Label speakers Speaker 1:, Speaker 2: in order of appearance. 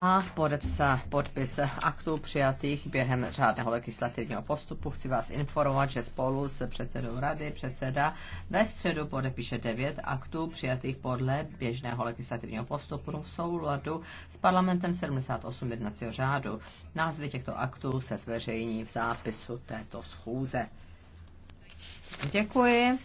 Speaker 1: a podepsa, podpis aktů přijatých během řádného legislativního postupu. Chci vás informovat, že spolu s předsedou rady předseda ve středu podepíše devět aktů přijatých podle běžného legislativního postupu v souladu s parlamentem 78 jednacího řádu. Názvy těchto aktů se zveřejní v zápisu této schůze.
Speaker 2: Děkuji.